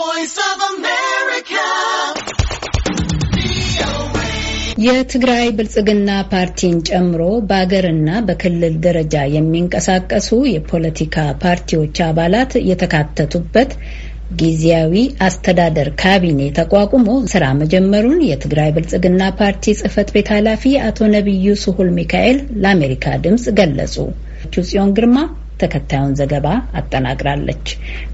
voice የትግራይ ብልጽግና ፓርቲን ጨምሮ በአገርና በክልል ደረጃ የሚንቀሳቀሱ የፖለቲካ ፓርቲዎች አባላት የተካተቱበት ጊዜያዊ አስተዳደር ካቢኔ ተቋቁሞ ስራ መጀመሩን የትግራይ ብልጽግና ፓርቲ ጽህፈት ቤት ኃላፊ አቶ ነቢዩ ስሁል ሚካኤል ለአሜሪካ ድምፅ ገለጹ። ጽዮን ግርማ ተከታዩን ዘገባ አጠናቅራለች።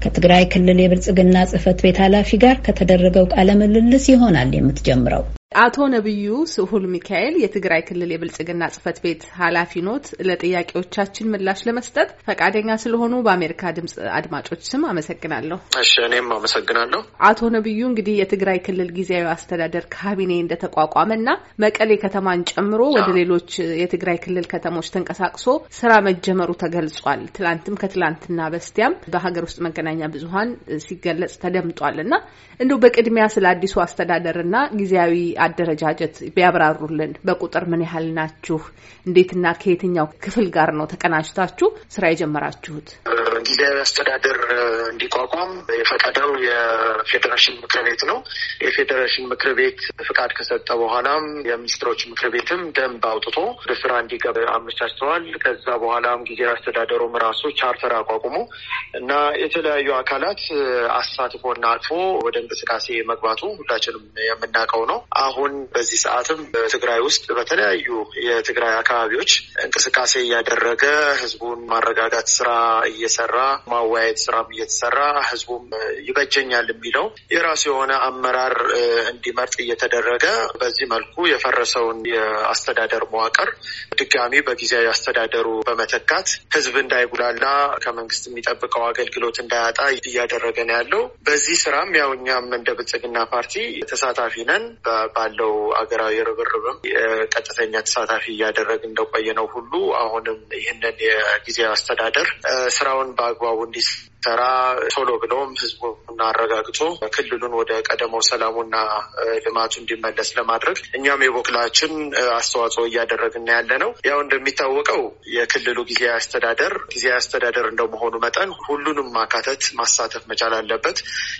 ከትግራይ ክልል የብልጽግና ጽህፈት ቤት ኃላፊ ጋር ከተደረገው ቃለ ምልልስ ይሆናል የምትጀምረው። አቶ ነብዩ ስሁል ሚካኤል የትግራይ ክልል የብልጽግና ጽህፈት ቤት ኃላፊ ኖት። ለጥያቄዎቻችን ምላሽ ለመስጠት ፈቃደኛ ስለሆኑ በአሜሪካ ድምጽ አድማጮች ስም አመሰግናለሁ። እሺ፣ እኔም አመሰግናለሁ። አቶ ነብዩ እንግዲህ የትግራይ ክልል ጊዜያዊ አስተዳደር ካቢኔ እንደተቋቋመና መቀሌ ከተማን ጨምሮ ወደ ሌሎች የትግራይ ክልል ከተሞች ተንቀሳቅሶ ስራ መጀመሩ ተገልጿል። ትላንትም ከትላንትና በስቲያም በሀገር ውስጥ መገናኛ ብዙሀን ሲገለጽ ተደምጧል እና እንዲሁ በቅድሚያ ስለ አዲሱ አስተዳደርና ጊዜያዊ አደረጃጀት ቢያብራሩልን። በቁጥር ምን ያህል ናችሁ? እንዴትና ከየትኛው ክፍል ጋር ነው ተቀናጅታችሁ ስራ የጀመራችሁት? ጊዜያዊ አስተዳደር እንዲቋቋም የፈቀደው የፌዴሬሽን ምክር ቤት ነው። የፌዴሬሽን ምክር ቤት ፍቃድ ከሰጠ በኋላም የሚኒስትሮች ምክር ቤትም ደንብ አውጥቶ ወደ ስራ አመቻችተዋል። ከዛ በኋላም ጊዜያዊ አስተዳደሩም ራሱ ቻርተር አቋቁሞ እና የተለያዩ አካላት አሳትፎና አቅፎ ወደ እንቅስቃሴ መግባቱ ሁላችንም የምናውቀው ነው። አሁን በዚህ ሰዓትም በትግራይ ውስጥ በተለያዩ የትግራይ አካባቢዎች እንቅስቃሴ እያደረገ ህዝቡን ማረጋጋት ስራ እየሰራ እየተሰራ ማወያየት ስራም እየተሰራ ህዝቡም ይበጀኛል የሚለው የራሱ የሆነ አመራር እንዲመርጥ እየተደረገ በዚህ መልኩ የፈረሰውን የአስተዳደር መዋቅር ድጋሚ በጊዜያዊ አስተዳደሩ በመተካት ህዝብ እንዳይጉላላ ከመንግስት የሚጠብቀው አገልግሎት እንዳያጣ እያደረገ ነው ያለው። በዚህ ስራም ያው እኛም እንደ ብልጽግና ፓርቲ ተሳታፊ ነን። ባለው አገራዊ ርብርብም ቀጥተኛ ተሳታፊ እያደረግ እንደቆየ ነው ሁሉ አሁንም ይህንን የጊዜያዊ አስተዳደር ስራውን በአግባቡ እንዲሰራ ቶሎ ብለውም ህዝቡ መሆኑን አረጋግጦ ክልሉን ወደ ቀደመው ሰላሙና ልማቱ እንዲመለስ ለማድረግ እኛም የበኩላችን አስተዋጽኦ እያደረግን ያለ ነው። ያው እንደሚታወቀው የክልሉ ጊዜያዊ አስተዳደር ጊዜያዊ አስተዳደር እንደመሆኑ መጠን ሁሉንም ማካተት ማሳተፍ መቻል አለበት።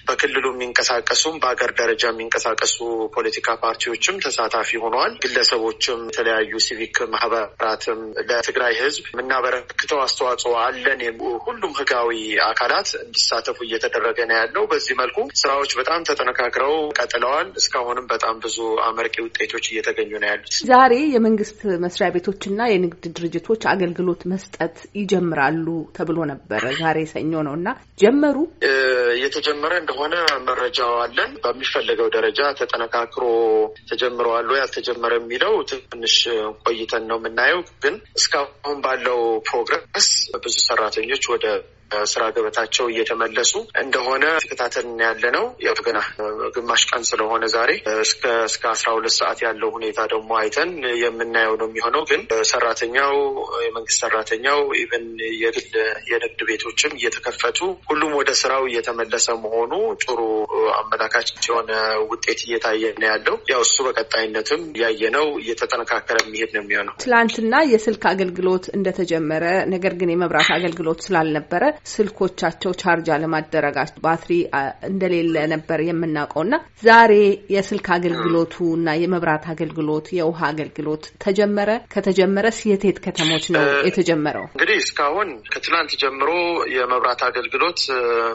በክልሉ የሚንቀሳቀሱም በሀገር ደረጃ የሚንቀሳቀሱ ፖለቲካ ፓርቲዎችም ተሳታፊ ሆነዋል። ግለሰቦችም፣ የተለያዩ ሲቪክ ማህበራትም ለትግራይ ህዝብ የምናበረክተው አስተዋጽኦ አለን። ሁሉም ህጋዊ አካላት እንዲሳተፉ እየተደረገ ነው ያለው። በዚህ መልኩ ስራዎች በጣም ተጠነካክረው ቀጥለዋል። እስካሁንም በጣም ብዙ አመርቂ ውጤቶች እየተገኙ ነው ያሉት። ዛሬ የመንግስት መስሪያ ቤቶችና የንግድ ድርጅቶች አገልግሎት መስጠት ይጀምራሉ ተብሎ ነበረ። ዛሬ ሰኞ ነው እና ጀመሩ እየተጀመረ እንደሆነ መረጃው አለን። በሚፈለገው ደረጃ ተጠነካክሮ ተጀምረዋል ወይ አልተጀመረ የሚለው ትንሽ ቆይተን ነው የምናየው። ግን እስካሁን ባለው ፕሮግረስ ብዙ ሰራተኞች ወደ ስራ ገበታቸው እየተመለሱ እንደሆነ ተከታተል ያለ ነው። ያው ገና ግማሽ ቀን ስለሆነ ዛሬ እስከ እስከ አስራ ሁለት ሰዓት ያለው ሁኔታ ደግሞ አይተን የምናየው ነው የሚሆነው። ግን ሰራተኛው፣ የመንግስት ሰራተኛው፣ ኢቨን የግል የንግድ ቤቶችም እየተከፈቱ ሁሉም ወደ ስራው እየተመለሰ መሆኑ ጥሩ አመላካች የሆነ ውጤት እየታየ ነው ያለው። ያው እሱ በቀጣይነትም ያየ ነው እየተጠነካከረ የሚሄድ ነው የሚሆነው። ትላንትና የስልክ አገልግሎት እንደተጀመረ ነገር ግን የመብራት አገልግሎት ስላልነበረ ስልኮቻቸው ቻርጅ አለማደረጋቸው ባትሪ እንደሌለ ነበር የምናውቀው እና ዛሬ የስልክ አገልግሎቱ እና የመብራት አገልግሎት የውሃ አገልግሎት ተጀመረ። ከተጀመረ የት ከተሞች ነው የተጀመረው? እንግዲህ እስካሁን ከትላንት ጀምሮ የመብራት አገልግሎት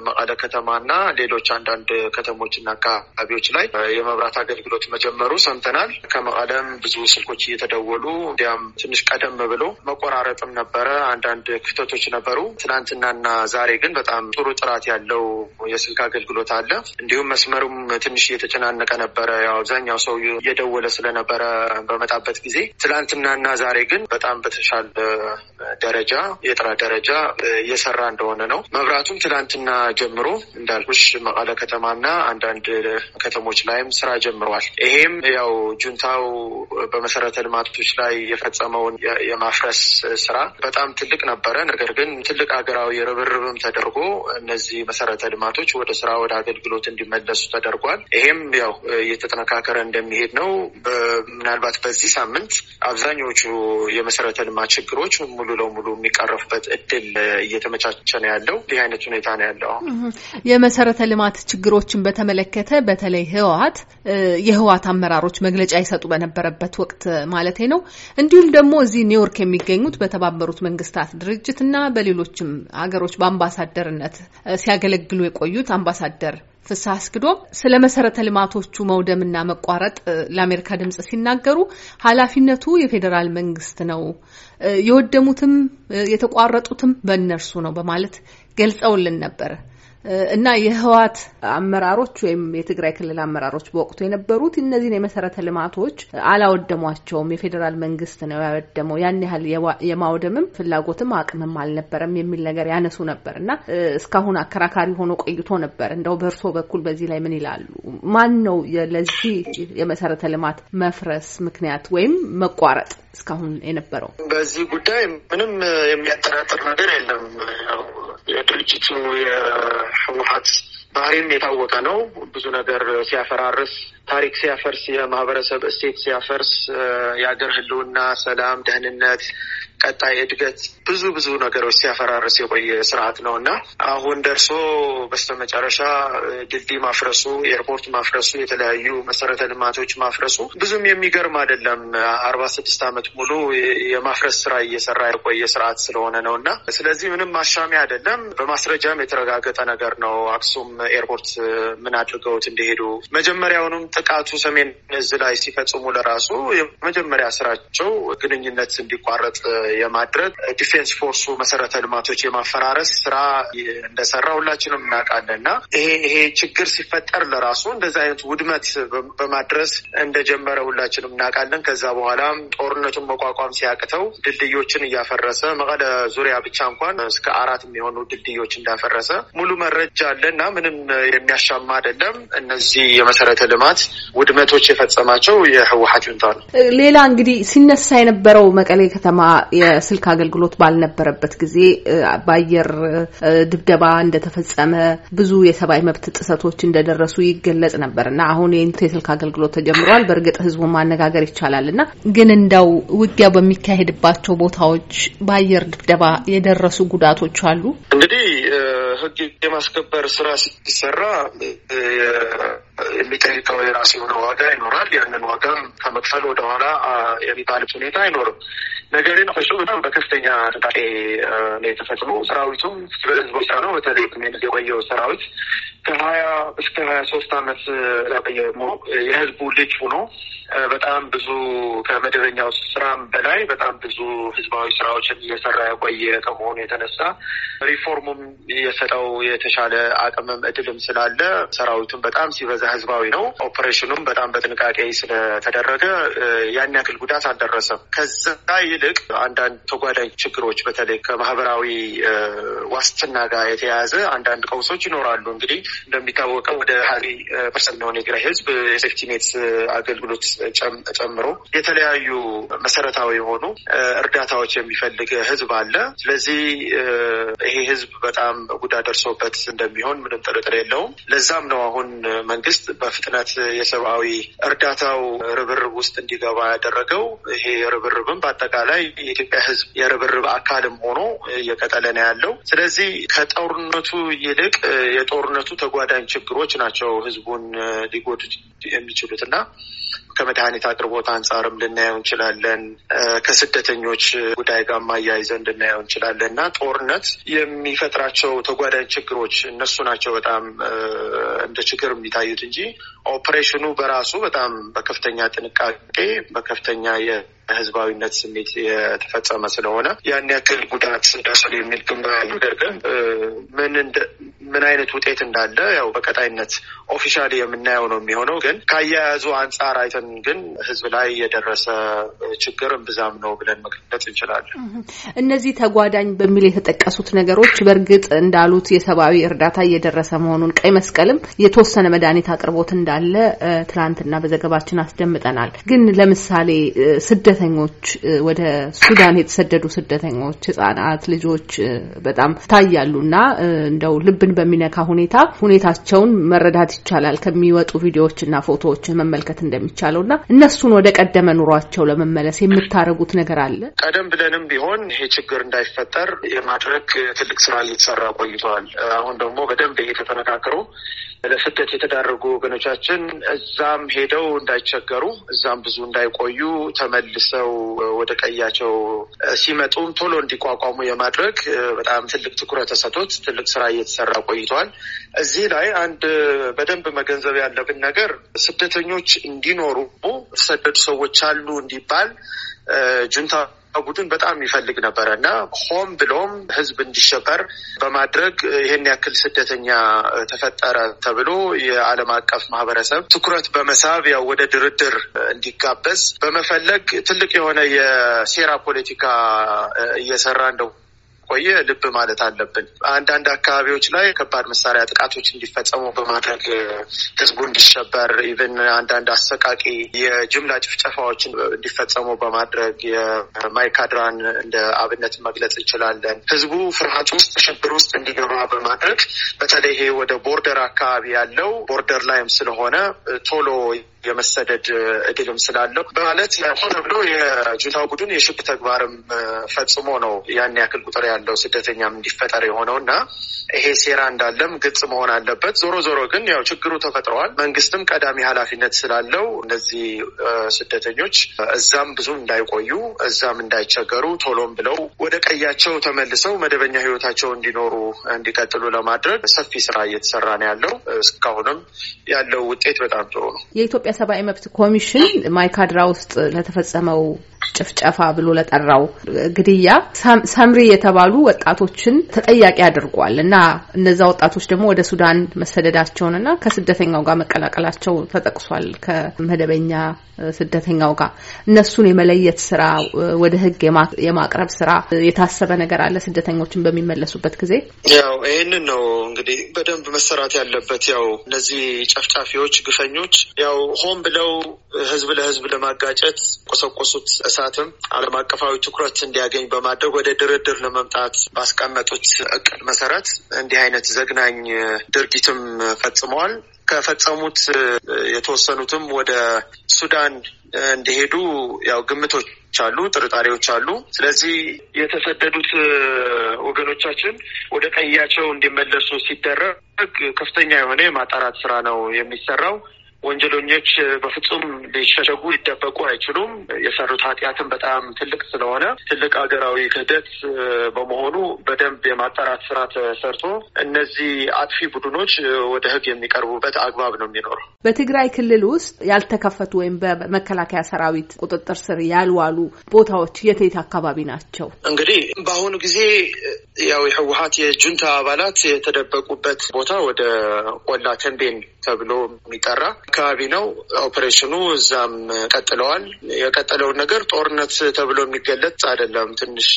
መቀለ ከተማና ሌሎች አንዳንድ ከተሞችና አካባቢዎች ላይ የመብራት አገልግሎት መጀመሩ ሰምተናል። ከመቀለም ብዙ ስልኮች እየተደወሉ እንዲያም ትንሽ ቀደም ብሎ መቆራረጥም ነበረ። አንዳንድ ክፍተቶች ነበሩ። ትናንትናና ዛሬ ግን በጣም ጥሩ ጥራት ያለው የስልክ አገልግሎት አለ። እንዲሁም መስመሩም ትንሽ እየተጨናነቀ ነበረ። ያው አብዛኛው ሰው እየደወለ ስለነበረ በመጣበት ጊዜ ትላንትናና ዛሬ ግን በጣም በተሻለ ደረጃ የጥራት ደረጃ እየሰራ እንደሆነ ነው። መብራቱም ትላንትና ጀምሮ እንዳልኩሽ መቀለ ከተማና አንዳንድ ከተሞች ላይም ስራ ጀምረዋል። ይሄም ያው ጁንታው በመሰረተ ልማቶች ላይ የፈጸመውን የማፍረስ ስራ በጣም ትልቅ ነበረ። ነገር ግን ትልቅ ሀገራዊ ርብርብም ተደርጎ እነዚህ መሰረተ ልማቶች ወደ ስራ ወደ አገልግሎት እንዲመለሱ ተደርጓል። ይሄም ያው እየተጠነካከረ እንደሚሄድ ነው። ምናልባት በዚህ ሳምንት አብዛኞቹ የመሰረተ ልማት ችግሮች ሙሉ ለሙሉ የሚቀረፉበት እድል እየተመቻቸ ነው ያለው። ይህ አይነት ሁኔታ ነው ያለው። የመሰረተ ልማት ችግሮችን በተመለከተ በተለይ ህወሓት የህወሓት አመራሮች መግለጫ ይሰጡ በነበረበት ወቅት ማለት ነው እንዲሁም ደግሞ እዚህ ኒውዮርክ የሚገኙት በተባበሩት መንግስታት ድርጅት እና በሌሎችም ሀገሮች ሀገሮች በአምባሳደርነት ሲያገለግሉ የቆዩት አምባሳደር ፍስሐ አስግዶ ስለ መሰረተ ልማቶቹ መውደምና መቋረጥ ለአሜሪካ ድምጽ ሲናገሩ ኃላፊነቱ የፌዴራል መንግስት ነው፣ የወደሙትም የተቋረጡትም በእነርሱ ነው በማለት ገልጸውልን ነበር። እና የህወሓት አመራሮች ወይም የትግራይ ክልል አመራሮች በወቅቱ የነበሩት እነዚህን የመሰረተ ልማቶች አላወደሟቸውም። የፌዴራል መንግስት ነው ያወደመው። ያን ያህል የማውደምም ፍላጎትም አቅምም አልነበረም የሚል ነገር ያነሱ ነበር እና እስካሁን አከራካሪ ሆኖ ቆይቶ ነበር። እንደው በእርሶ በኩል በዚህ ላይ ምን ይላሉ? ማን ነው ለዚህ የመሰረተ ልማት መፍረስ ምክንያት ወይም መቋረጥ እስካሁን የነበረው? በዚህ ጉዳይ ምንም የሚያጠራጥር ነገር የለም። የድርጅቱ የህወሀት ባህሪም የታወቀ ነው። ብዙ ነገር ሲያፈራርስ፣ ታሪክ ሲያፈርስ፣ የማህበረሰብ እሴት ሲያፈርስ፣ የአገር ህልውና፣ ሰላም፣ ደህንነት ቀጣይ እድገት ብዙ ብዙ ነገሮች ሲያፈራርስ የቆየ ስርዓት ነው እና አሁን ደርሶ በስተመጨረሻ ድልድይ ማፍረሱ፣ ኤርፖርት ማፍረሱ፣ የተለያዩ መሰረተ ልማቶች ማፍረሱ ብዙም የሚገርም አይደለም። አርባ ስድስት ዓመት ሙሉ የማፍረስ ስራ እየሰራ የቆየ ስርዓት ስለሆነ ነው እና ስለዚህ ምንም አሻሚ አይደለም። በማስረጃም የተረጋገጠ ነገር ነው። አክሱም ኤርፖርት ምን አድርገውት እንደሄዱ መጀመሪያውንም ጥቃቱ ሰሜን እዝ ላይ ሲፈጽሙ ለራሱ የመጀመሪያ ስራቸው ግንኙነት እንዲቋረጥ የማድረግ ዲፌንስ ፎርሱ መሰረተ ልማቶች የማፈራረስ ስራ እንደሰራ ሁላችንም እናውቃለን እና ይሄ ይሄ ችግር ሲፈጠር ለራሱ እንደዚ አይነት ውድመት በማድረስ እንደጀመረ ሁላችንም እናውቃለን። ከዛ በኋላ ጦርነቱን መቋቋም ሲያቅተው ድልድዮችን እያፈረሰ መቀለ ዙሪያ ብቻ እንኳን እስከ አራት የሚሆኑ ድልድዮች እንዳፈረሰ ሙሉ መረጃ አለ እና ምንም የሚያሻማ አይደለም። እነዚህ የመሰረተ ልማት ውድመቶች የፈጸማቸው የህወሀት ዩንታ ነው። ሌላ እንግዲህ ሲነሳ የነበረው መቀሌ ከተማ የስልክ አገልግሎት ባልነበረበት ጊዜ በአየር ድብደባ እንደተፈጸመ ብዙ የሰብአዊ መብት ጥሰቶች እንደደረሱ ይገለጽ ነበር እና አሁን የስልክ አገልግሎት ተጀምሯል። በእርግጥ ህዝቡ ማነጋገር ይቻላል እና ግን እንደው ውጊያው በሚካሄድባቸው ቦታዎች በአየር ድብደባ የደረሱ ጉዳቶች አሉ። እንግዲህ ህግ የማስከበር ስራ ሲሰራ የሚጠይቀው የራሱ የሆነ ዋጋ ይኖራል። ያንን ዋጋ ከመክፈል ወደኋላ የሚባልበት ሁኔታ አይኖርም። ነገር ግን እሱ በጣም በከፍተኛ ጥንቃቄ ነው የተፈጽሞ ሰራዊቱም ህዝቦች ነው። በተለይ የቆየው ሰራዊት ከሀያ እስከ ሀያ ሶስት አመት ያቆየ የህዝቡ ልጅ ሆኖ በጣም ብዙ ከመደበኛው ስራም በላይ በጣም ብዙ ህዝባዊ ስራዎችን እየሰራ የቆየ ከመሆኑ የተነሳ ሪፎርሙም የሰጠው የተሻለ አቅምም እድልም ስላለ ሰራዊቱም በጣም ሲበዛ ህዝባዊ ነው። ኦፕሬሽኑም በጣም በጥንቃቄ ስለተደረገ ያን ያክል ጉዳት አልደረሰም። ከዛ ይልቅ አንዳንድ ተጓዳኝ ችግሮች በተለይ ከማህበራዊ ዋስትና ጋር የተያያዘ አንዳንድ ቀውሶች ይኖራሉ። እንግዲህ እንደሚታወቀው ወደ ሀሪ ፐርሰንት የሆነ የትግራይ ህዝብ የሴፍቲኔት አገልግሎት ጨምሮ የተለያዩ መሰረታዊ የሆኑ እርዳታዎች የሚፈልግ ህዝብ አለ። ስለዚህ ይሄ ህዝብ በጣም ጉዳ ደርሶበት እንደሚሆን ምንም ጥርጥር የለውም። ለዛም ነው አሁን መንግስት በፍጥነት የሰብአዊ እርዳታው ርብርብ ውስጥ እንዲገባ ያደረገው። ይሄ ርብርብም በአጠቃላይ የኢትዮጵያ ህዝብ የርብርብ አካልም ሆኖ እየቀጠለ ነው ያለው። ስለዚህ ከጦርነቱ ይልቅ የጦርነቱ ተጓዳኝ ችግሮች ናቸው ህዝቡን ሊጎዱ የሚችሉት እና ከመድኃኒት አቅርቦት አንጻርም ልናየው እንችላለን። ከስደተኞች ጉዳይ ጋር ማያይዘን ልናየው እንችላለን እና ጦርነት የሚፈጥራቸው ተጓዳኝ ችግሮች እነሱ ናቸው በጣም እንደ ችግር የሚታዩት እንጂ ኦፕሬሽኑ በራሱ በጣም በከፍተኛ ጥንቃቄ በከፍተኛ ህዝባዊነት ስሜት የተፈጸመ ስለሆነ ያን ያክል ጉዳት ደርሷል የሚል ግምት ነገር ግን ምን ምን አይነት ውጤት እንዳለ ያው በቀጣይነት ኦፊሻሊ የምናየው ነው የሚሆነው። ግን ከአያያዙ አንጻር አይተን ግን ህዝብ ላይ የደረሰ ችግር እምብዛም ነው ብለን መግለጽ እንችላለን። እነዚህ ተጓዳኝ በሚል የተጠቀሱት ነገሮች በእርግጥ እንዳሉት የሰብአዊ እርዳታ እየደረሰ መሆኑን ቀይ መስቀልም የተወሰነ መድኃኒት አቅርቦት እንዳለ ትናንትና በዘገባችን አስደምጠናል። ግን ለምሳሌ ስደተኞች ወደ ሱዳን የተሰደዱ ስደተኞች ህጻናት፣ ልጆች በጣም ታያሉና እንደው ልብን በሚነካ ሁኔታ ሁኔታቸውን መረዳት ይቻላል። ከሚወጡ ቪዲዮዎችና ፎቶዎች መመልከት እንደሚቻለው እና እነሱን ወደ ቀደመ ኑሯቸው ለመመለስ የምታደርጉት ነገር አለ? ቀደም ብለንም ቢሆን ይሄ ችግር እንዳይፈጠር የማድረግ ትልቅ ስራ እየተሰራ ቆይተዋል። አሁን ደግሞ በደንብ ይሄ ተጠነካክሮ ለስደት የተዳረጉ ወገኖቻችን እዛም ሄደው እንዳይቸገሩ እዛም ብዙ እንዳይቆዩ ተመልሰው ወደ ቀያቸው ሲመጡም ቶሎ እንዲቋቋሙ የማድረግ በጣም ትልቅ ትኩረት ተሰቶት ትልቅ ስራ እየተሰራ ቆይተዋል። እዚህ ላይ አንድ በደንብ መገንዘብ ያለብን ነገር ስደተኞች እንዲኖሩ የተሰደዱ ሰዎች አሉ እንዲባል ጁንታ ቡድን በጣም ይፈልግ ነበረ እና ሆም ብሎም ህዝብ እንዲሸበር በማድረግ ይህን ያክል ስደተኛ ተፈጠረ ተብሎ የዓለም አቀፍ ማህበረሰብ ትኩረት በመሳብ ያው ወደ ድርድር እንዲጋበዝ በመፈለግ ትልቅ የሆነ የሴራ ፖለቲካ እየሰራ እንደው ከቆየ ልብ ማለት አለብን። አንዳንድ አካባቢዎች ላይ ከባድ መሳሪያ ጥቃቶች እንዲፈጸሙ በማድረግ ህዝቡ እንዲሸበር ኢቨን አንዳንድ አሰቃቂ የጅምላ ጭፍጨፋዎችን እንዲፈጸሙ በማድረግ የማይካድራን እንደ አብነት መግለጽ እንችላለን። ህዝቡ ፍርሃት ውስጥ ሽብር ውስጥ እንዲገባ በማድረግ በተለይ ይሄ ወደ ቦርደር አካባቢ ያለው ቦርደር ላይም ስለሆነ ቶሎ የመሰደድ እድልም ስላለው በማለት ሆነ ብሎ የጁንታው ቡድን የሽብር ተግባርም ፈጽሞ ነው ያን ያክል ቁጥር ያለ ያለው ስደተኛም እንዲፈጠር የሆነው እና ይሄ ሴራ እንዳለም ግልጽ መሆን አለበት። ዞሮ ዞሮ ግን ያው ችግሩ ተፈጥረዋል። መንግስትም ቀዳሚ ኃላፊነት ስላለው እነዚህ ስደተኞች እዛም ብዙ እንዳይቆዩ እዛም እንዳይቸገሩ ቶሎም ብለው ወደ ቀያቸው ተመልሰው መደበኛ ህይወታቸው እንዲኖሩ እንዲቀጥሉ ለማድረግ ሰፊ ስራ እየተሰራ ነው ያለው። እስካሁንም ያለው ውጤት በጣም ጥሩ ነው። የኢትዮጵያ ሰብአዊ መብት ኮሚሽን ማይካድራ ውስጥ ለተፈጸመው ጭፍጨፋ ብሎ ለጠራው ግድያ ሰምሪ የተባሉ ወጣቶችን ተጠያቂ አድርጓል እና እነዛ ወጣቶች ደግሞ ወደ ሱዳን መሰደዳቸውን እና ከስደተኛው ጋር መቀላቀላቸው ተጠቅሷል። ከመደበኛ ስደተኛው ጋር እነሱን የመለየት ስራ፣ ወደ ህግ የማቅረብ ስራ የታሰበ ነገር አለ ስደተኞችን በሚመለሱበት ጊዜ። ያው ይህንን ነው እንግዲህ በደንብ መሰራት ያለበት። ያው እነዚህ ጨፍጫፊዎች፣ ግፈኞች ያው ሆን ብለው ህዝብ ለህዝብ ለማጋጨት ቆሰቆሱት መንግስታትም ዓለም አቀፋዊ ትኩረት እንዲያገኝ በማድረግ ወደ ድርድር ለመምጣት ባስቀመጡት እቅድ መሰረት እንዲህ አይነት ዘግናኝ ድርጊትም ፈጽመዋል። ከፈጸሙት የተወሰኑትም ወደ ሱዳን እንደሄዱ ያው ግምቶች አሉ፣ ጥርጣሬዎች አሉ። ስለዚህ የተሰደዱት ወገኖቻችን ወደ ቀያቸው እንዲመለሱ ሲደረግ ከፍተኛ የሆነ የማጣራት ስራ ነው የሚሰራው። ወንጀለኞች በፍጹም ሊሸሸጉ ሊደበቁ አይችሉም። የሰሩት ኃጢአትም በጣም ትልቅ ስለሆነ ትልቅ ሀገራዊ ክህደት በመሆኑ በደንብ የማጣራት ስራ ተሰርቶ እነዚህ አጥፊ ቡድኖች ወደ ህግ የሚቀርቡበት አግባብ ነው የሚኖረው። በትግራይ ክልል ውስጥ ያልተከፈቱ ወይም በመከላከያ ሰራዊት ቁጥጥር ስር ያልዋሉ ቦታዎች የትየት አካባቢ ናቸው? እንግዲህ በአሁኑ ጊዜ ያው የህወሀት የጁንታ አባላት የተደበቁበት ቦታ ወደ ቆላ ተንቤን ተብሎ የሚጠራ አካባቢ ነው። ኦፕሬሽኑ እዛም ቀጥለዋል። የቀጠለውን ነገር ጦርነት ተብሎ የሚገለጽ አይደለም። ትንሽ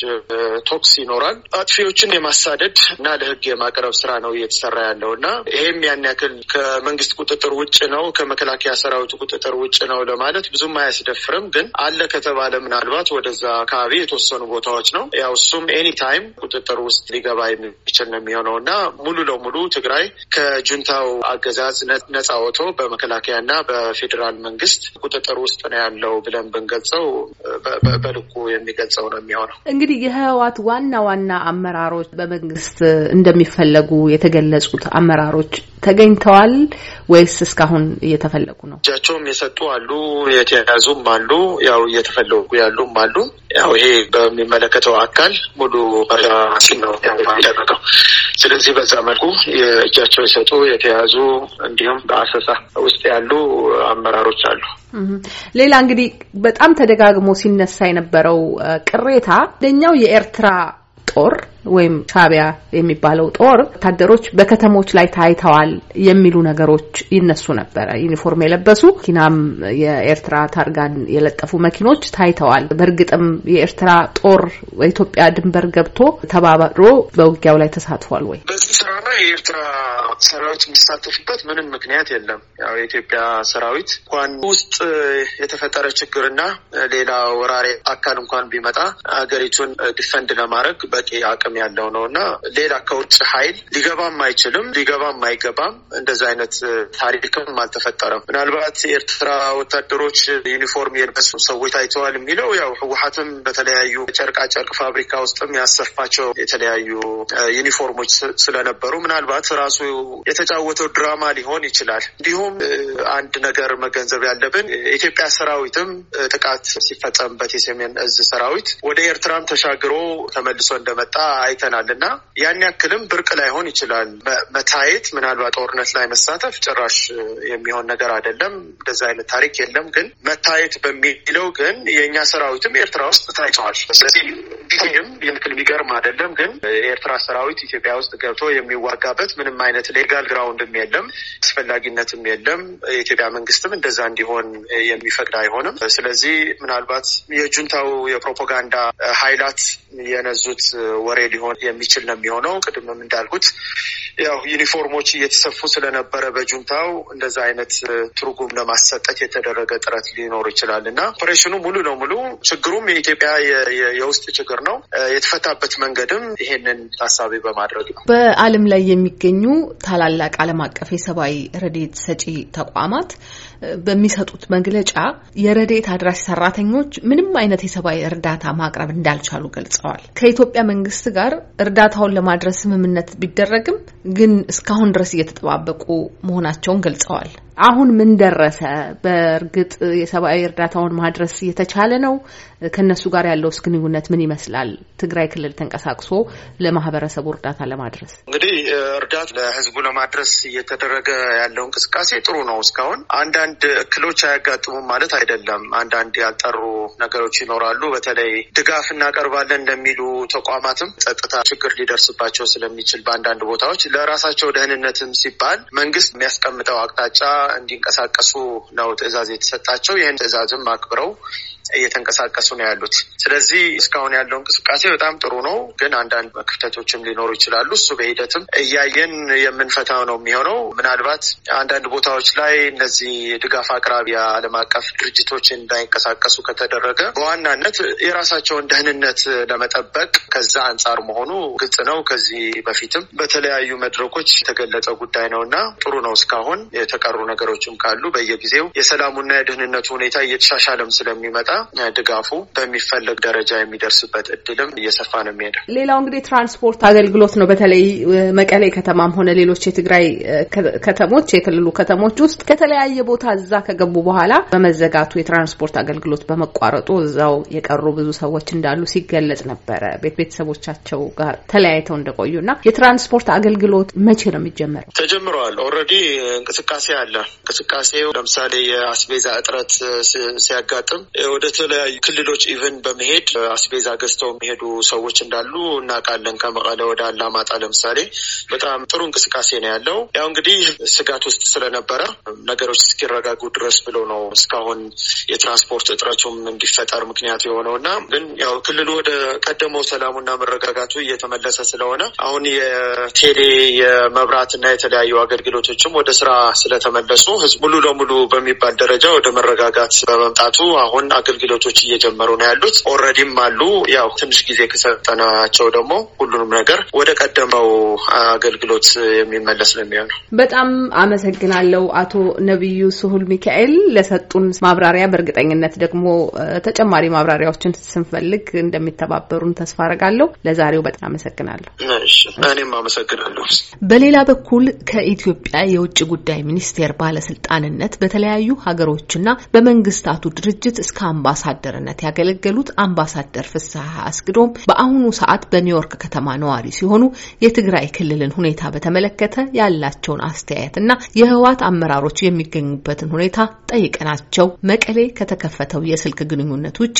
ቶክስ ይኖራል። አጥፊዎችን የማሳደድ እና ለህግ የማቅረብ ስራ ነው እየተሰራ ያለው እና ይሄም ያን ያክል ከመንግስት ቁጥጥር ውጭ ነው፣ ከመከላከያ ሰራዊቱ ቁጥጥር ውጭ ነው ለማለት ብዙም አያስደፍርም። ግን አለ ከተባለ ምናልባት ወደዛ አካባቢ የተወሰኑ ቦታዎች ነው። ያው እሱም ኤኒ ታይም ቁጥጥር ውስጥ ሊገባ የሚችል ነው የሚሆነው እና ሙሉ ለሙሉ ትግራይ ከጁንታው አገዛዝ ነጻ ወጥቶ በመከላከያና በፌዴራል መንግስት ቁጥጥር ውስጥ ነው ያለው ብለን ብንገልጸው በልኩ የሚገልጸው ነው የሚሆነው። እንግዲህ የህወሓት ዋና ዋና አመራሮች በመንግስት እንደሚፈለጉ የተገለጹት አመራሮች ተገኝተዋል ወይስ እስካሁን እየተፈለጉ ነው? እጃቸውም የሰጡ አሉ፣ የተያዙም አሉ፣ ያው እየተፈለጉ ያሉም አሉ። ያው ይሄ በሚመለከተው አካል ሙሉ ሲ ነው ያደረገው። ስለዚህ በዛ መልኩ የእጃቸው የሰጡ የተያዙ፣ እንዲሁም በአሰሳ ውስጥ ያሉ አመራሮች አሉ። ሌላ እንግዲህ በጣም ተደጋግሞ ሲነሳ የነበረው ቅሬታ አንደኛው የኤርትራ ጦር ወይም ሻቢያ የሚባለው ጦር ወታደሮች በከተሞች ላይ ታይተዋል የሚሉ ነገሮች ይነሱ ነበረ። ዩኒፎርም የለበሱ መኪናም የኤርትራ ታርጋን የለጠፉ መኪኖች ታይተዋል። በእርግጥም የኤርትራ ጦር በኢትዮጵያ ድንበር ገብቶ ተባብሮ በውጊያው ላይ ተሳትፏል ወይ? በዚህ ስራ ላይ የኤርትራ ሰራዊት የሚሳተፍበት ምንም ምክንያት የለም። ያው የኢትዮጵያ ሰራዊት እንኳን ውስጥ የተፈጠረ ችግርና ሌላ ወራሪ አካል እንኳን ቢመጣ ሀገሪቱን ዲፈንድ ለማድረግ በቂ አቅም እየሰራን ያለው ነው እና ሌላ ከውጭ ኃይል ሊገባም አይችልም ሊገባም አይገባም። እንደዚ አይነት ታሪክም አልተፈጠረም። ምናልባት የኤርትራ ወታደሮች ዩኒፎርም የልበሱ ሰዎች ታይተዋል የሚለው ያው ህወሀትም በተለያዩ ጨርቃጨርቅ ፋብሪካ ውስጥም ያሰፋቸው የተለያዩ ዩኒፎርሞች ስለነበሩ ምናልባት ራሱ የተጫወተው ድራማ ሊሆን ይችላል። እንዲሁም አንድ ነገር መገንዘብ ያለብን የኢትዮጵያ ሰራዊትም ጥቃት ሲፈጸምበት የሰሜን እዝ ሰራዊት ወደ ኤርትራም ተሻግሮ ተመልሶ እንደመጣ አይተናል እና ያን ያክልም ብርቅ ላይሆን ይችላል። መታየት ምናልባት ጦርነት ላይ መሳተፍ ጭራሽ የሚሆን ነገር አይደለም። እንደዚ አይነት ታሪክ የለም። ግን መታየት በሚለው ግን የእኛ ሰራዊትም ኤርትራ ውስጥ ታይተዋል። ስለዚህ ጊዜም የሚገርም አይደለም። ግን የኤርትራ ሰራዊት ኢትዮጵያ ውስጥ ገብቶ የሚዋጋበት ምንም አይነት ሌጋል ግራውንድም የለም፣ አስፈላጊነትም የለም። የኢትዮጵያ መንግስትም እንደዛ እንዲሆን የሚፈቅድ አይሆንም። ስለዚህ ምናልባት የጁንታው የፕሮፓጋንዳ ኃይላት የነዙት ወሬ ሊሆን የሚችል ነው የሚሆነው። ቅድምም እንዳልኩት ያው ዩኒፎርሞች እየተሰፉ ስለነበረ በጁንታው እንደዛ አይነት ትርጉም ለማሰጠት የተደረገ ጥረት ሊኖር ይችላል እና ኦፕሬሽኑ ሙሉ ለሙሉ ችግሩም የኢትዮጵያ የውስጥ ችግር ነው። የተፈታበት መንገድም ይሄንን ታሳቢ በማድረግ ነው። በዓለም ላይ የሚገኙ ታላላቅ ዓለም አቀፍ የሰብአዊ ረድኤት ሰጪ ተቋማት በሚሰጡት መግለጫ የረዴት አድራሽ ሰራተኞች ምንም አይነት የሰብአዊ እርዳታ ማቅረብ እንዳልቻሉ ገልጸዋል። ከኢትዮጵያ መንግስት ጋር እርዳታውን ለማድረስ ስምምነት ቢደረግም ግን እስካሁን ድረስ እየተጠባበቁ መሆናቸውን ገልጸዋል። አሁን ምን ደረሰ? በእርግጥ የሰብአዊ እርዳታውን ማድረስ እየተቻለ ነው? ከነሱ ጋር ያለውስ ግንኙነት ምን ይመስላል? ትግራይ ክልል ተንቀሳቅሶ ለማህበረሰቡ እርዳታ ለማድረስ እንግዲህ እርዳታ ለህዝቡ ለማድረስ እየተደረገ ያለው እንቅስቃሴ ጥሩ ነው። እስካሁን አንዳንድ እክሎች አያጋጥሙም ማለት አይደለም። አንዳንድ ያልጠሩ ነገሮች ይኖራሉ። በተለይ ድጋፍ እናቀርባለን እንደሚሉ ተቋማትም ጸጥታ ችግር ሊደርስባቸው ስለሚችል በአንዳንድ ቦታዎች ለራሳቸው ደህንነትም ሲባል መንግስት የሚያስቀምጠው አቅጣጫ እንዲንቀሳቀሱ ነው ትዕዛዝ የተሰጣቸው። ይህን ትዕዛዝም አክብረው እየተንቀሳቀሱ ነው ያሉት። ስለዚህ እስካሁን ያለው እንቅስቃሴ በጣም ጥሩ ነው፣ ግን አንዳንድ ክፍተቶችም ሊኖሩ ይችላሉ። እሱ በሂደትም እያየን የምንፈታው ነው የሚሆነው። ምናልባት አንዳንድ ቦታዎች ላይ እነዚህ ድጋፍ አቅራቢ የዓለም አቀፍ ድርጅቶች እንዳይንቀሳቀሱ ከተደረገ በዋናነት የራሳቸውን ደህንነት ለመጠበቅ ከዛ አንጻር መሆኑ ግልጽ ነው። ከዚህ በፊትም በተለያዩ መድረኮች የተገለጸ ጉዳይ ነው እና ጥሩ ነው። እስካሁን የተቀሩ ነገሮችም ካሉ በየጊዜው የሰላሙና የደህንነቱ ሁኔታ እየተሻሻለም ስለሚመጣ ድጋፉ በሚፈለግ ደረጃ የሚደርስበት እድልም እየሰፋ ነው የሚሄደው። ሌላው እንግዲህ ትራንስፖርት አገልግሎት ነው። በተለይ መቀሌ ከተማም ሆነ ሌሎች የትግራይ ከተሞች የክልሉ ከተሞች ውስጥ ከተለያየ ቦታ እዛ ከገቡ በኋላ በመዘጋቱ የትራንስፖርት አገልግሎት በመቋረጡ እዛው የቀሩ ብዙ ሰዎች እንዳሉ ሲገለጽ ነበረ። ቤት ቤተሰቦቻቸው ጋር ተለያይተው እንደቆዩ እና የትራንስፖርት አገልግሎት መቼ ነው የሚጀመረው? ተጀምረዋል። ኦልሬዲ እንቅስቃሴ አለ። እንቅስቃሴው ለምሳሌ የአስቤዛ እጥረት ሲያጋጥም ወደ ተለያዩ ክልሎች ኢቨን በመሄድ አስቤዛ ገዝተው የሚሄዱ ሰዎች እንዳሉ እናውቃለን። ከመቀለ ወደ አላማጣ ለምሳሌ በጣም ጥሩ እንቅስቃሴ ነው ያለው። ያው እንግዲህ ስጋት ውስጥ ስለነበረ ነገሮች እስኪረጋጉ ድረስ ብሎ ነው እስካሁን የትራንስፖርት እጥረቱም እንዲፈጠር ምክንያት የሆነው እና ግን ያው ክልሉ ወደ ቀደመው ሰላሙና መረጋጋቱ እየተመለሰ ስለሆነ አሁን የቴሌ እና የተለያዩ አገልግሎቶችም ወደ ስራ ስለተመለሱ ህዝብ ሙሉ ለሙሉ በሚባል ደረጃ ወደ መረጋጋት በመምጣቱ አሁን አገልግሎቶች እየጀመሩ ነው ያሉት። ኦልሬዲም አሉ። ያው ትንሽ ጊዜ ከሰጠናቸው ደግሞ ሁሉንም ነገር ወደ ቀደመው አገልግሎት የሚመለስ ነው የሚሆነው። በጣም አመሰግናለሁ አቶ ነቢዩ ስሁል ሚካኤል ለሰጡን ማብራሪያ። በእርግጠኝነት ደግሞ ተጨማሪ ማብራሪያዎችን ስንፈልግ እንደሚተባበሩን ተስፋ አረጋለሁ። ለዛሬው በጣም አመሰግናለሁ። እኔም አመሰግናለሁ። በሌላ በኩል ከኢትዮጵያ የውጭ ጉዳይ ሚኒስቴር ባለስልጣንነት በተለያዩ ሀገሮችና በመንግስታቱ ድርጅት እስከ አምባሳደርነት ያገለገሉት አምባሳደር ፍስሐ አስግዶም በአሁኑ ሰዓት በኒውዮርክ ከተማ ነዋሪ ሲሆኑ የትግራይ ክልልን ሁኔታ በተመለከተ ያላቸውን አስተያየትና የህወሓት አመራሮች የሚገኙበትን ሁኔታ ጠይቀናቸው መቀሌ ከተከፈተው የስልክ ግንኙነት ውጪ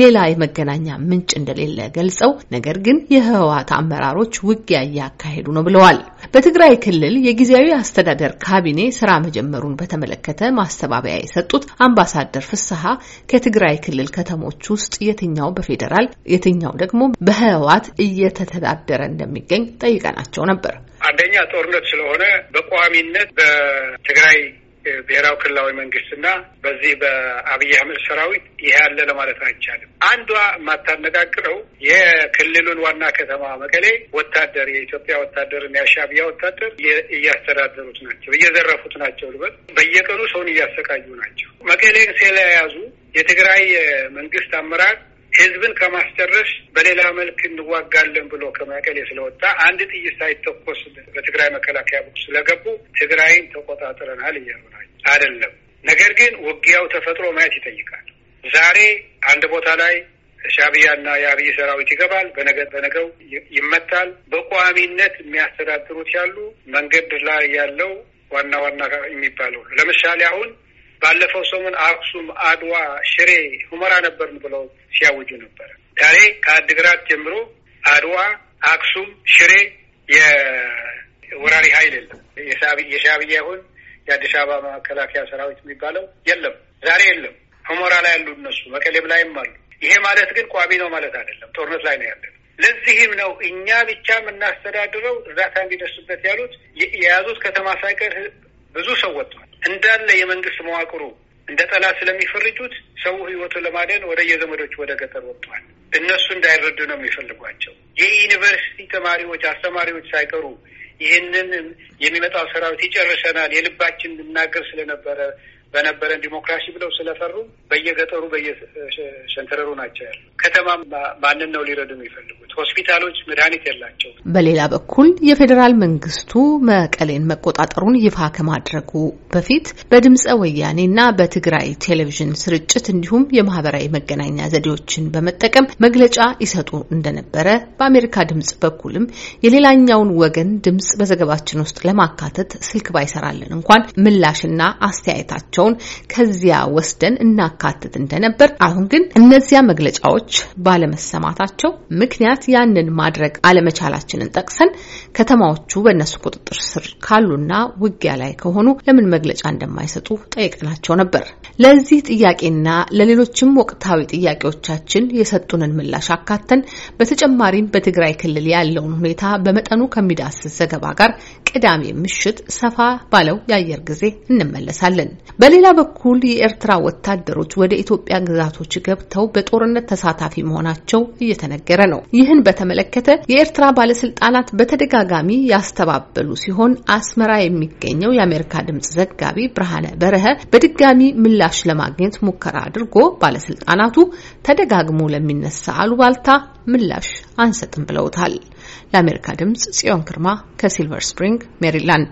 ሌላ የመገናኛ ምንጭ እንደሌለ ገልጸው ነገር ግን የህወሓት አመራሮች ውጊያ እያካሄዱ ነው ብለዋል። በትግራይ ክልል የጊዜያዊ አስተዳደር ካቢኔ ስራ መጀመሩን በተመለከተ ማስተባበያ የሰጡት አምባሳደር ፍስሐ ከትግራይ የትግራይ ክልል ከተሞች ውስጥ የትኛው በፌዴራል የትኛው ደግሞ በህወሓት እየተተዳደረ እንደሚገኝ ጠይቀናቸው ነበር። አንደኛ ጦርነት ስለሆነ በቋሚነት በትግራይ ብሔራዊ ክልላዊ መንግስትና በዚህ በአብይ አህመድ ሰራዊት ይሄ ያለ ለማለት አይቻልም። አንዷ የማታነጋግረው የክልሉን ዋና ከተማ መቀሌ ወታደር የኢትዮጵያ ወታደርና የሻቢያ ወታደር እያስተዳደሩት ናቸው፣ እየዘረፉት ናቸው ልበል። በየቀኑ ሰውን እያሰቃዩ ናቸው። መቀሌን ስለያዙ የትግራይ መንግስት አመራር ህዝብን ከማስጨረስ በሌላ መልክ እንዋጋለን ብሎ ከመቀሌ ስለወጣ አንድ ጥይት ሳይተኮስ በትግራይ መከላከያ ስለገቡ ትግራይን ተቆጣጥረናል እያሉ አይደለም። ነገር ግን ውጊያው ተፈጥሮ ማየት ይጠይቃል። ዛሬ አንድ ቦታ ላይ ሻዕቢያና የአብይ ሰራዊት ይገባል፣ በነገ በነገው ይመታል። በቋሚነት የሚያስተዳድሩት ያሉ መንገድ ላይ ያለው ዋና ዋና የሚባለው ለምሳሌ አሁን ባለፈው ሰሞን አክሱም፣ አድዋ፣ ሽሬ፣ ሁመራ ነበርን ብለው ሲያውጁ ነበረ። ዛሬ ከአድግራት ጀምሮ አድዋ፣ አክሱም፣ ሽሬ የወራሪ ኃይል የለም። የሻዕቢያ ይሁን የአዲስ አበባ መከላከያ ሰራዊት የሚባለው የለም፣ ዛሬ የለም። ሁመራ ላይ ያሉ እነሱ መቀሌም ላይም አሉ። ይሄ ማለት ግን ቋሚ ነው ማለት አይደለም። ጦርነት ላይ ነው ያለ። ለዚህም ነው እኛ ብቻ የምናስተዳድረው እርዳታ እንዲደርስበት ያሉት የያዙት ከተማ ሳይቀር ብዙ ሰው ወጥቷል። እንዳለ የመንግስት መዋቅሩ እንደ ጠላት ስለሚፈርጁት ሰው ህይወቱን ለማዳን ወደ የዘመዶች ወደ ገጠር ወጥቷል። እነሱ እንዳይረዱ ነው የሚፈልጓቸው። የዩኒቨርሲቲ ተማሪዎች፣ አስተማሪዎች ሳይቀሩ ይህንን የሚመጣው ሰራዊት ይጨርሰናል፣ የልባችን ልናገር ስለነበረ በነበረን ዲሞክራሲ ብለው ስለፈሩ በየገጠሩ በየሸንተረሩ ናቸው ያሉ። ከተማ ማንን ነው ሊረዱ የሚፈልጉት? ሆስፒታሎች መድኃኒት የላቸው። በሌላ በኩል የፌዴራል መንግስቱ መቀሌን መቆጣጠሩን ይፋ ከማድረጉ በፊት በድምፀ ወያኔና በትግራይ ቴሌቪዥን ስርጭት እንዲሁም የማህበራዊ መገናኛ ዘዴዎችን በመጠቀም መግለጫ ይሰጡ እንደነበረ በአሜሪካ ድምጽ በኩልም የሌላኛውን ወገን ድምጽ በዘገባችን ውስጥ ለማካተት ስልክ ባይሰራልን እንኳን ምላሽና አስተያየታቸው መግለጫቸውን ከዚያ ወስደን እናካትት እንደነበር፣ አሁን ግን እነዚያ መግለጫዎች ባለመሰማታቸው ምክንያት ያንን ማድረግ አለመቻላችንን ጠቅሰን ከተማዎቹ በእነሱ ቁጥጥር ስር ካሉና ውጊያ ላይ ከሆኑ ለምን መግለጫ እንደማይሰጡ ጠይቅናቸው ነበር። ለዚህ ጥያቄና ለሌሎችም ወቅታዊ ጥያቄዎቻችን የሰጡንን ምላሽ አካተን በተጨማሪም በትግራይ ክልል ያለውን ሁኔታ በመጠኑ ከሚዳስስ ዘገባ ጋር ቅዳሜ ምሽት ሰፋ ባለው የአየር ጊዜ እንመለሳለን። በሌላ በኩል የኤርትራ ወታደሮች ወደ ኢትዮጵያ ግዛቶች ገብተው በጦርነት ተሳታፊ መሆናቸው እየተነገረ ነው። ይህን በተመለከተ የኤርትራ ባለስልጣናት በተደጋጋሚ ያስተባበሉ ሲሆን አስመራ የሚገኘው የአሜሪካ ድምጽ ዘጋቢ ብርሃነ በረሀ በድጋሚ ምላሽ ለማግኘት ሙከራ አድርጎ ባለስልጣናቱ ተደጋግሞ ለሚነሳ አሉባልታ ምላሽ አንሰጥም ብለውታል። ለአሜሪካ ድምጽ ጽዮን ግርማ ከሲልቨር ስፕሪንግ ሜሪላንድ